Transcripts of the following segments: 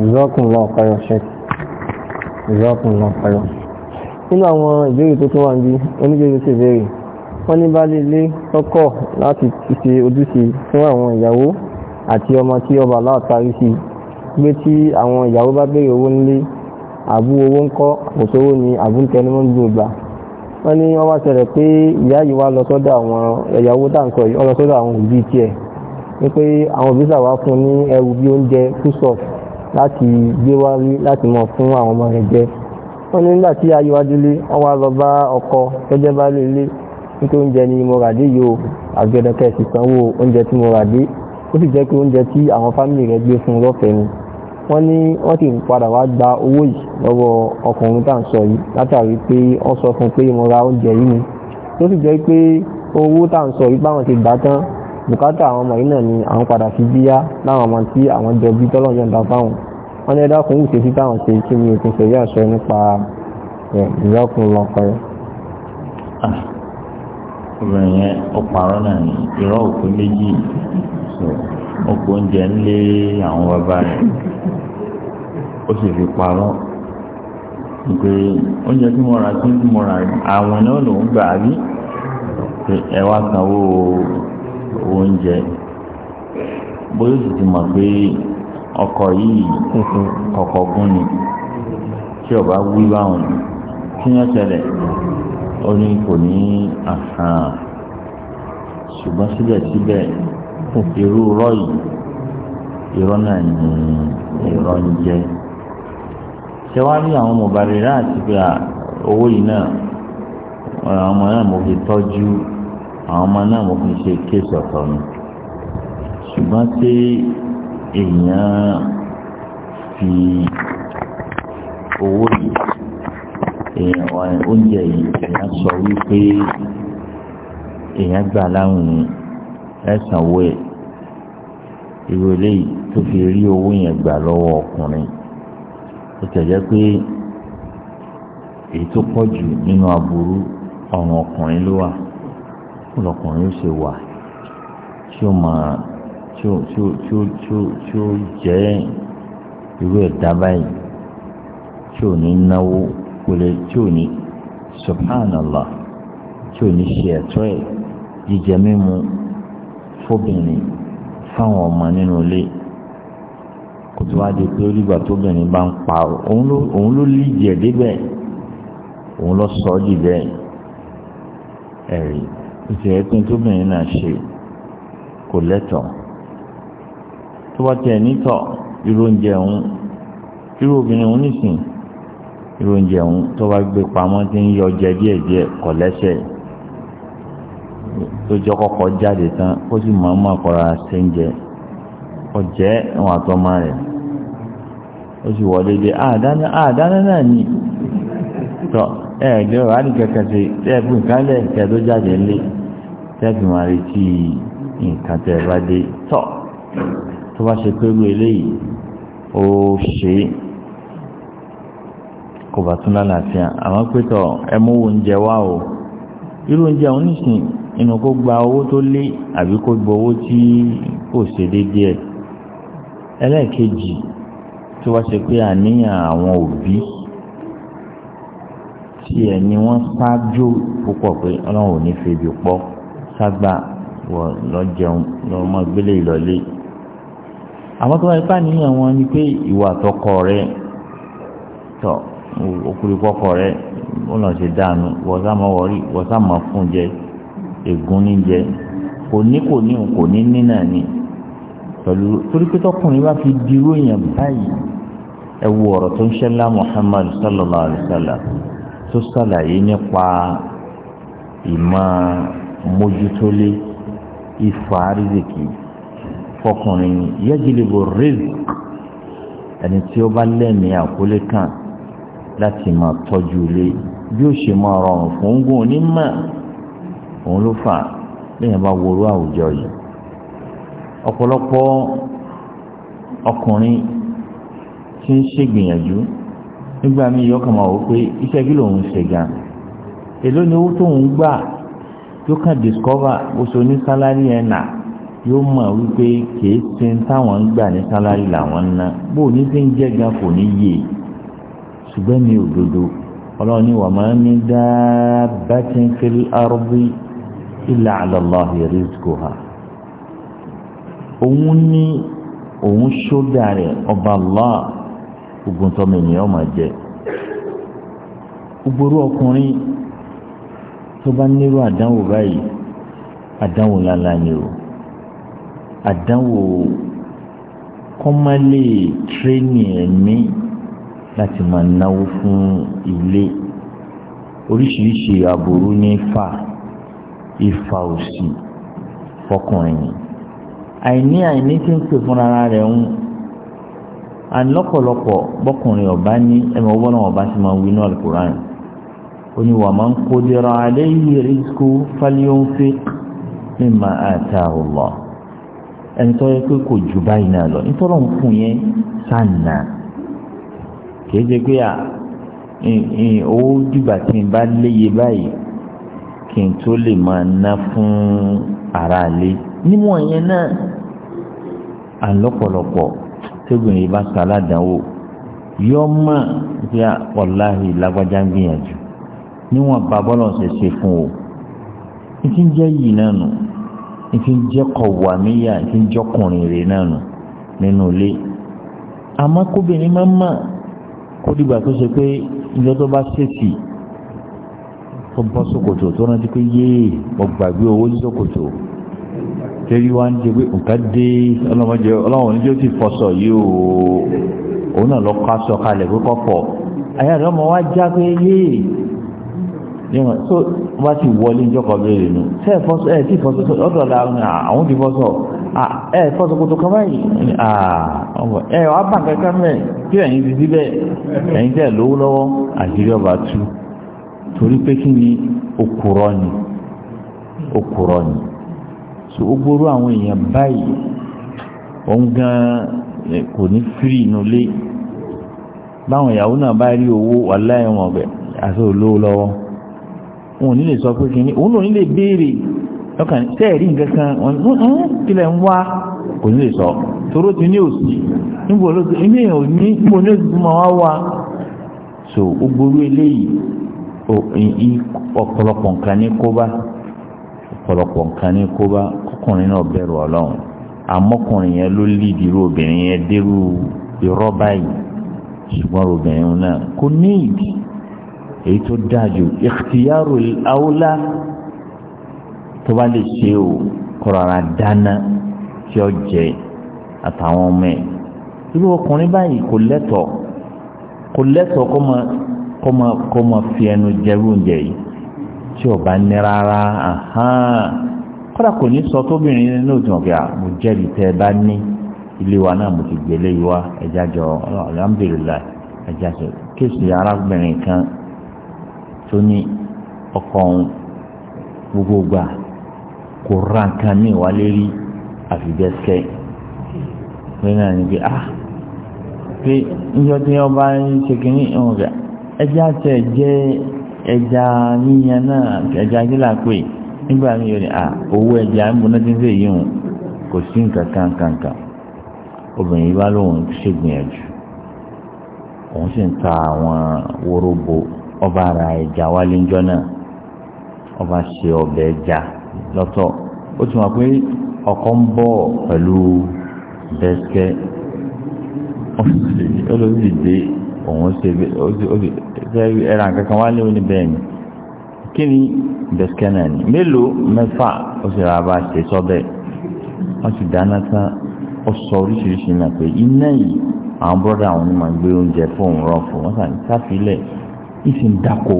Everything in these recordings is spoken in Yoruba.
Jazakumullahu khairan Sheikh. Jazakumullahu khairan. nínú àwọn ìbéèrè tó tún wà ní oníbèrè sí ìbéèrè wọ́n ní bá lè lé tọ́kọ̀ láti ṣe ojúṣe fún àwọn ìyàwó àti ọmọ tí ọba látàrí sí gbé tí àwọn ìyàwó bá béèrè owó nílé àbú owó ń kọ́ òṣòwò ní àbú tẹnumọ́ gbogbo wọ́n ní wọ́n wá ṣẹlẹ̀ pé ìyá yìí wá lọ sọ́dọ̀ àwọn ìyàwó dáǹkọ̀ yìí wọ́n lọ sọ́dọ̀ àwọn òbí tiẹ̀ wípé àwọn òbí sàwá fún ní ẹrù bí oúnjẹ foodstuff láti gbé wá rí láti mọ̀ fún àwọn ọmọ rẹ̀ jẹ wọ́n ní nígbà tí ayíwájú lé wọ́n wá lọ bá ọkọ gẹ́gẹ́ bá lè lé nítorí oúnjẹ ni mo rà dé yìí o àgbẹ̀dẹ̀kẹ́ sì sanwó oúnjẹ tí mo rà dé ó sì jẹ́ pé oúnjẹ tí àwọn fámìlì rẹ̀ gbé fún lọ́fẹ̀ẹ́ ni wọ́n ní wọ́n sì padà wá gba owó yìí lọ́wọ́ ọkùnrin tá à ń sọ yìí látàrí pé wọ́n sọ fún pé mo ra oúnjẹ yìí ni tó sì jẹ́ pé owó tá à ń sọ yìí báwọn ti gbà tán bùkátà àwọn ọmọ yìí náà ni àwọn padà fi bíyá láwọn ọmọ tí àwọn jọ bí tọ́lọ̀ yọ̀ǹda fáwọn wọn ní ẹ̀dá kùnrin ìṣesí táwọn ṣe kí ni òfin ṣẹ̀yà sọ nípa ẹ̀ ìyọ́kùn lọ́kọ̀ rẹ̀. obìnrin ah, yẹn ó parọ́ náà ní irọ́ òkú méjì ó kó oúnjẹ ńlé àwọn bàbá rẹ̀ ó sì fi parọ́ pé oúnjẹ tí mo rà tí mo rà àwọn náà lòún gbà á bí ẹ wá sanwó owó oúnjẹ bóyá ó sì ti mọ̀ pé ọkọ̀ yìí kọ̀kọ̀ gún ni tí ọba wí báwọn kí wọ́n ṣẹlẹ̀ ó ní kò ní àhàn ṣùgbọ́n síbẹ̀síbẹ̀ irú rọ́ yìí irọ́ náà ni irọ́ ń jẹ́ ṣé wàá rí àwọn mọ̀bàrírà àti pé owó yìí náà ọmọ náà mo fi tọ́jú àwọn ọmọ náà mo fi ṣe kéèsì ọ̀tọ̀ ni ṣùgbọ́n tí èèyàn fi owó yìí oúnjẹ yìí èèyàn sọ wípé èèyàn gbà láwìn ẹ̀sán owó ẹ̀ ìwé eléyìí tó fi rí owó yẹn gbà lọ́wọ́ ọkùnrin ó tẹ̀jẹ́ pé èyí tó pọ̀ jù nínú aburú ọ̀ràn ọkùnrin ló wà lọkùnrin ṣe wà tí ó máa tí ó tí ó tí ó tí ó jẹ́ irú ẹ̀dá báyìí tí ò ní náwó kólé tí ò ní subhanallah tí ò ní ṣe ẹ̀tọ́ ẹ̀ jíjẹ mímu fóbìnrin fáwọn ọmọ nínú ilé kò tó wá di pé orígbà tóbìnrin bá ń pa òun ló líjẹ̀ débẹ̀ òun lọ sọ ọ́ dì bẹ́ẹ̀ ẹ̀rí ìtìyẹ pé tóbìnrin náà ṣe kò lẹ́tọ̀ọ́ tó bá tiẹ̀ nítọ̀ irú oúnjẹ irú obìnrin òun nìsín irú oúnjẹ tó bá gbé pamọ́ tí ń yọ jẹ díẹ̀díẹ̀ kò lẹ́sẹ̀ tó jọ kọ́kọ́ jáde tán ó sì mọ̀ ọ́n mọ̀ kọ́ra ṣe ọ̀jẹ́ wọn àtọ́mọ rẹ̀ ó sì wọlé dé àdáná àdáná náà ni tọ́ ẹ̀ẹ́dẹ́rọ̀ á ní kẹ̀kẹ́ sí ẹ̀ẹ́dùn kálẹ̀ kẹ́ẹ̀dó ńlẹ̀ tẹ́gbìn wọn retí nǹkan tẹ́ bá dé tọ́ tó bá ṣe pé eléyìí ó ṣe é kò bá tún lálàáfíà àmọ́ pé tọ́ ẹ mú oúnjẹ wá o irú oúnjẹ àwọn oníṣìn inú kó gba owó tó lé àbí kó gba owó tí kò ṣe déédéé ẹ ẹlẹ́ẹ̀kejì tó bá ṣe pé àníyàn àwọn òbí tí ẹni wọ́n ṣáájú púpọ̀ pé ọlọ́run ò ní febi pọ́ ságbà wọ̀ lọ jẹun lọ mọ gbélé ìlọlé àwọn tó wáyé pàníyàn wọn ni pé ìwà tọkọ rẹ tọ okùnrin kọkọ rẹ ó lọ ṣe dànù wọ́sàmọ wọrí wọ́sàmọ fún jẹ ègún ní jẹ kò ní kò ní kò ní ní náà ni pẹ̀lú torí pé tọkùnrin bá fi dirú èèyàn báyìí ẹ wo ọ̀rọ̀ tó ń ṣẹlá Muhammad sallallahu alayhi wa sallam tó ṣàlàyé nípa ìmọ̀ mójútólé ifá rìzìkì fọkùnrin yẹ́gìlìbò rìzìk ẹni tí ó bá lẹ́mìí àkólé kan láti máa tọ́jú ilé bí ó ṣe máa rọrùn fún gún onímọ̀ òun ló fà lẹ́yìn bá worú àwùjọ yìí ọ̀pọ̀lọpọ̀ ọkùnrin tí ń ṣègbìyànjú nígbà míì yọkàn máa wò pé iṣẹ́ kí lòun ṣe gan èló ni owó tóun gbà yóò kàn discover oṣù ní sálárì ẹ̀ nà yóò mọ̀ wípé kìí ṣe táwọn ń gbà ní sálárì làwọn ń ná bó o ní fi ń jẹ́ kò ní yé ṣùgbọ́n mi ò dodo ọlọ́run ni wàá máa ní dábàtí fil ardi illa ala Allahi rizquha òun ní òun ṣódà rẹ̀ ọba ogun tọ́mọ ènìyàn máa jẹ gbogbo ọkùnrin tó bá nírú àdánwò báyìí àdánwò lálá ni o àdánwò kọ́málè tírénì ẹ̀mí láti máa náwó fún ilé oríṣiríṣi aburú ní fà ìfà òsì fọkùnrin àìní àìní tí ń pè fúnra rẹ̀ ń àlọ́pọ̀lọpọ̀ bọ́kùnrin ọ̀bá ní ẹ̀mọ́ ọgbọ́n náà ọ̀bá ti máa wí ní alukurani oní wà máa ń kó dira alayhi rizqu falyunfiq mimma ataahu Allah ẹni tó yẹ pé kò ju báyìí náà lọ nítorí òun fún yẹn sànà kìí ṣe pé à owó dìgbà tí n bá léye báyìí kí n tó lè máa ná fún aráalé níwọ̀n yẹn náà àlọ́pọ̀lọpọ̀ tóbìnrin bá sọ aládàáwò yọ ọ́ mọ̀ pé wàláhì lágbájá ń gbìyànjú níwọ̀n babọ́lọ̀ ṣe ṣe fún o ìfi ń jẹ́ yìí náà nù ìfi ń jẹ́ kọ̀wàmíyà ìfi ń jọkùnrin rè náà nù nínú ilé àmọ́ kóbìnrin máa ń mà kó dìgbà tó ṣe pé ilé tó bá ṣèṣì tó bọ́ ṣòkòtò tó rántí pé yéè ọgbàgbé owó ní ṣòkòtò tẹ́rí wá ń jẹ́ pé nǹkan dé ọlọ́mọdé ọlọ́run níjó ti fọṣọ yìí o òun náà lọ kọ́ aṣọ kalẹ̀ pé kọ́ fọ̀ àyà rẹ̀ ọmọ wa já pé yéè níwọ̀n tó bá ti wọlé ìjọkọ̀ béèrè nù ṣe é fọ́sọ̀ ẹ̀ tí fọ́sọ̀ tó ọ̀dọ̀ làwọn àwọn ti fọ́sọ̀ ẹ̀ fọ́sọ̀ kò tó kọ́ báyìí ẹ̀ wá bà kankan mẹ́ kí ẹ̀yin ti síbẹ̀ ẹ̀yin tẹ̀ lówó lọ́wọ́ àṣírí ọba tú torí pé kí ni ni òkúrọ́ ni so ó gbóró àwọn èèyàn báyìí òun gan kò ní fírì nulẹ̀ báwọn ìyàwó náà bá rí owó wàláyé wọn bẹ̀ àti olówó wọn ò lè sọ pé kìíní òun ní lè béèrè ọkàn tẹ́ẹ̀rí nǹkan kan wọn ní sọ ti ní òsì ní òsì wá so eléyìí ọ̀pọ̀lọpọ̀ nǹkan ní kóbá ọ̀pọ̀lọpọ̀ nǹkan ní kóbá náà bẹ̀rù ọlọ́run yẹn ló obìnrin yẹn dérú báyìí ṣùgbọ́n obìnrin náà kò èyí tó dájú ìkìyàrò àwòlá tó bá lè ṣe o kọ̀rọ̀ra dáná tí ó jẹ àtàwọn ọmọ ẹ̀ irú ọkùnrin báyìí kò lẹ́tọ̀ọ́ kò lẹ́tọ̀ọ́ kó máa kó máa kó máa fi ẹnu jẹrú oúnjẹ yìí tí ò bá ní rárá kódà kò ní sọ tóbìnrin nínú òtún ọ̀gá mo jẹ́rìí tẹ́ ẹ bá ní ilé wa náà mo ti gbélé wa ẹ̀jájọ alhamdulillah ẹ̀jájọ kéèsì arábìnrin kan tó ní ọkọ òun gbogbo gbà kò ra nǹkan ní ìwálé rí àfìgbẹ́sẹ̀ pé náà ní bí ah pé níjọ́ tí wọ́n bá ń ṣe kínní ẹja tẹ̀ jẹ́ ẹja yíyan náà ẹja gíla pé nígbà mi yóò ní à ah, owó ẹja ń bọ́ná tí ń fẹ́ kò sí nǹkan ọba ara ẹja wálé náà ọba ṣe ọbẹ ẹja lọtọ ó ti pé ọkọ ń bọ̀ pẹ̀lú bẹ́sẹ̀ olórí dé òun ṣe ẹran kankan wálé ó ní bẹ́ẹ̀ ni kí ni bẹ́sẹ̀ náà ni mélòó mẹ́fà ó sì rà bá ṣe sọ́bẹ̀ wọ́n ti dáná tán sọ oríṣiríṣi náà pé iná yìí àwọn bọ́dà àwọn onímọ̀ gbé oúnjẹ fún ìsìn dako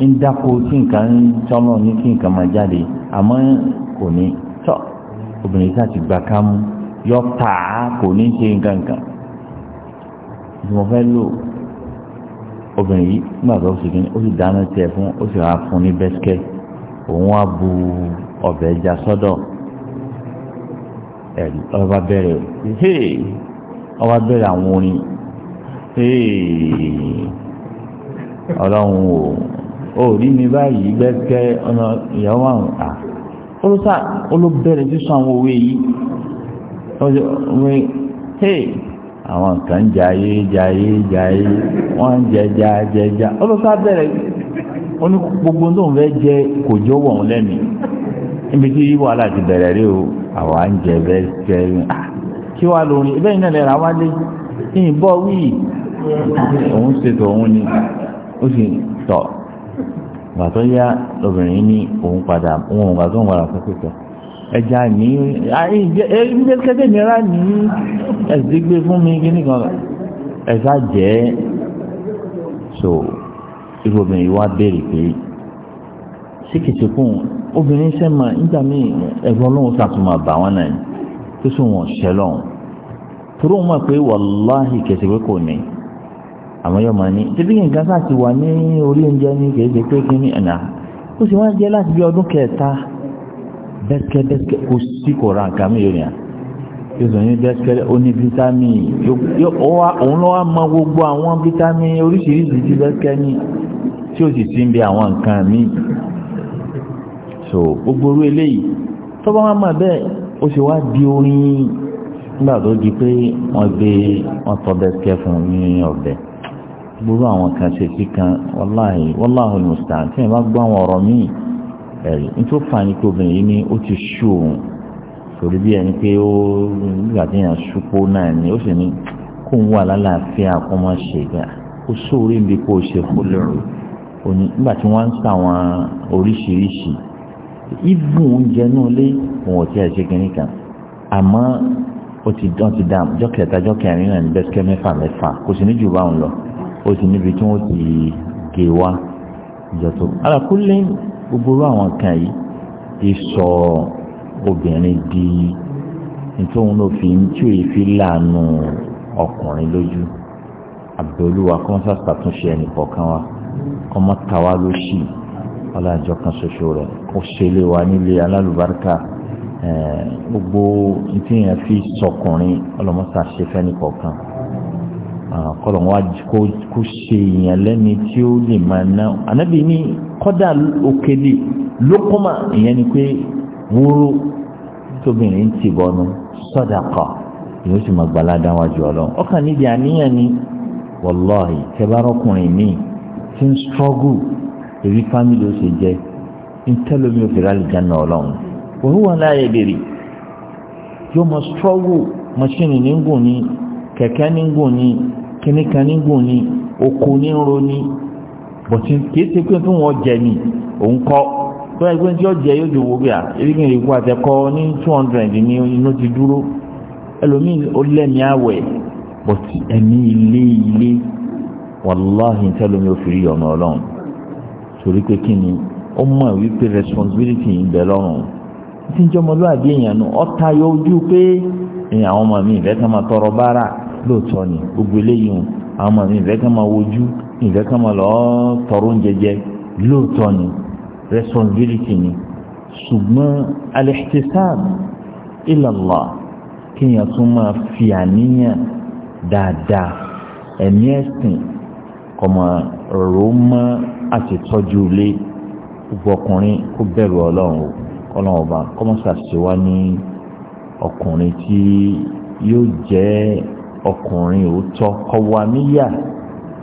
ń dako tí nǹkan ń tọ́lọ̀ ní kí nǹkan máa jáde àmọ́ kò ní tọ́ obìnrin sá ti gbà ká mú yọ tàá kò ní ṣe nǹkan kan mo fẹ́ lò obìnrin yìí nígbà tó ṣe kí ni ó sì dáná tiẹ̀ fún ó sì rà fún ní bẹ́sikẹ́ òun wá bu ọbẹ̀ ẹja sọ́dọ̀ ẹ̀rí ọba bẹ̀rẹ̀ ọba bẹ̀rẹ̀ àwọn orin ọlọ́run o ò rí mi báyìí gbẹ́gẹ́ ọ̀nà ìyàwó àwọn à olùsà olùbẹ̀rẹ̀ ti sọ àwọn òwe yìí òwe hey àwọn kan jayé jayé jayé wọ́n ń jẹja jẹja olùsà bẹ̀rẹ̀ oní gbogbo tó ń fẹ́ jẹ kò jó wọ̀n lẹ́nu níbi tí wàhálà ti bẹ̀rẹ̀ rí o àwa ń jẹ bẹ́ẹ̀ jẹ́ kí wàá lórin bẹ́ẹ̀ náà lẹ́ra wálé ìyìnbọn wíì òun ṣètò òun ni ó sì tọ̀ ìgbà tó yá obìnrin ní òun padà òun òun gbàgbọ́n padà fún pípẹ́ ẹja ní ẹgbẹ́ kẹ́kẹ́ mìíràn ní ẹ̀sìn gbé fún mi kí nìkan ẹ̀sà jẹ́ so irú obìnrin yìí wá béèrè pé síkìtìkùn obìnrin sẹ́mà nígbà míì ẹ̀rọ ọlọ́run sàtúmọ̀ bà wọ́n náà tó sùn wọ́n ṣẹlọ́run tó rò wọ́n pé kẹsìkẹ́ kò ní àwọn yóò máa ní títí nǹkan sáà ti wà ní orí oúnjẹ ní kèéṣe pé kí ní ẹ̀nà ó sì wọ́n jẹ́ láti bí ọdún kẹta bẹ́ẹ̀kẹ́bẹ́ẹ̀kẹ́ kò sí kò ra nǹkan mi yóò yóò sọ ní bẹ́ẹ̀kẹ́ ó ní fítámì òun ló wá mọ gbogbo àwọn fítámì oríṣiríṣi tí bẹ́ẹ̀kẹ́ ní tí ó sì sí ń bí àwọn nǹkan mi so gbogbo orú eléyìí tó bá wá mọ̀ bẹ́ẹ̀ ó sì wá di orin nígbà tó di pé wọ́n gbé wọ́n tọ́ bẹ́ẹ̀kẹ́ fún ní ọ̀bẹ̀ gbogbo àwọn kan ṣe kíkan wàláhì wàláhì mùsùlùmí tí wọn bá gbọ́ àwọn ọ̀rọ̀ míì ẹ̀rí nítorí fà ní pé obìnrin yìí ni ó ti ṣú òun torí bí ẹni pé ó nígbà tí èèyàn ṣupó náà ni ó sì ní kó ń wà lálàáfíà kó má ṣe gbà ó sóore níbi kó o ṣe kó lérò òní nígbà tí wọ́n ń ta àwọn oríṣiríṣi ìbùn oúnjẹ náà lé òun ò tí kínní kan àmọ́ ó ti dán ti dáàmú náà ní bẹ́sikẹ́ mẹ́fà mẹ́fà kò sì ní jù báwọn lọ ó ti níbi tí wọ́n ti gé e wa ìjọtọ alákùnlé gbogbo àwọn kan yìí ti sọ obìnrin di nítorí náà fi ń tí òye fi láàánú ọkùnrin lójú àbẹ̀olúwa kọ́ mọ́sá ṣàtúnṣe ẹnì kọ̀ọ̀kan wa kọ́ mọ́ ta wá lóṣì ọlọ́àjọ kan ṣoṣo rẹ̀ kó ṣẹlẹ̀ wa nílé alálùbáríkà gbogbo nítorí yẹn fi sọkùnrin ọlọ́mọ́sá ṣe fẹ́ nìkọ̀ọ̀kan. Ah, kọ́lọ̀ wá kó ṣe èèyàn lẹ́ni tí ó lè máa ná ànábì ní kọ́dà òkèlè lókùnmá ìyẹn ni pé wúrú tóbìnrin ń tì bọ́nu sàdákà yóò sì máa gbàlá dáwájú ọlọ́run ọkàn níbi àníyàn ni wàláhì tẹ́bárọ́kùnrin míì ti ń strọ́gù èyí fámìlì ó ṣe jẹ́ ń tẹ́lómi ó fi rálì jáná ọlọ́run òun wà láàyè bèrè yóò máa strọ́gù mọ́ṣínì nígùn ni. kẹ̀kẹ́ ní gùn ní kíníkan ní gùn ní oko ní ń ro ní bọ̀tí kìí ṣe pé fún wọn jẹ ní òun kọ́ tó yẹ two hundred ní inú ti dúró ẹlòmíì ó lẹ́mìí àwẹ̀ bọ̀tí ẹ̀mí ilé ilé wàláhì tẹ́lómi òfìrí ọ̀nà ọlọ́run torí pé kí ni ó wípé responsibility ń bẹ lọ́rùn tí ń jọmọlúwàbí èèyàn nù pé ọmọ mi ìfẹ́ tọrọ lóòótọ́ ni gbogbo eléyìí hàn àwọn ọmọ mi ìfẹ́ kan máa wojú ìfẹ́ máa lọ́ọ́ tọrọ oúnjẹ jẹ ni responsibility ni ṣùgbọ́n al-ihtisab ila Allah kéèyàn tún máa fi àníyàn dáadáa ẹ̀mí ẹ̀sìn kọ̀mọ̀ rò mọ́ àtìtọ́jú ilé gbogbo ọkùnrin kó bẹ̀rù ọlọ́run ọlọ́run ọba kọ́mọ́sà ṣe wá ní ọkùnrin tí yóò jẹ́ ọkùnrin òótọ́ kọ́wa níyà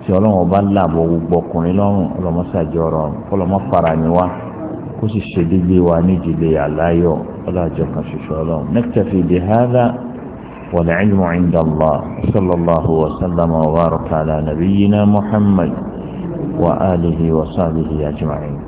tí ọlọ́run ọba làbọ̀ gbogbo ọkùnrin lọ́rùn ọlọ́mọṣàjọ rọrùn ọlọ́mọ fara ni wá kó sì ṣe déédéé wa nídìílé àláyọ̀ ọlọ́àjọ kan ṣoṣo ọlọ́run naktafi bihadha والعلم عند الله صلى الله وسلم وبارك على نبينا محمد وآله وصحبه أجمعين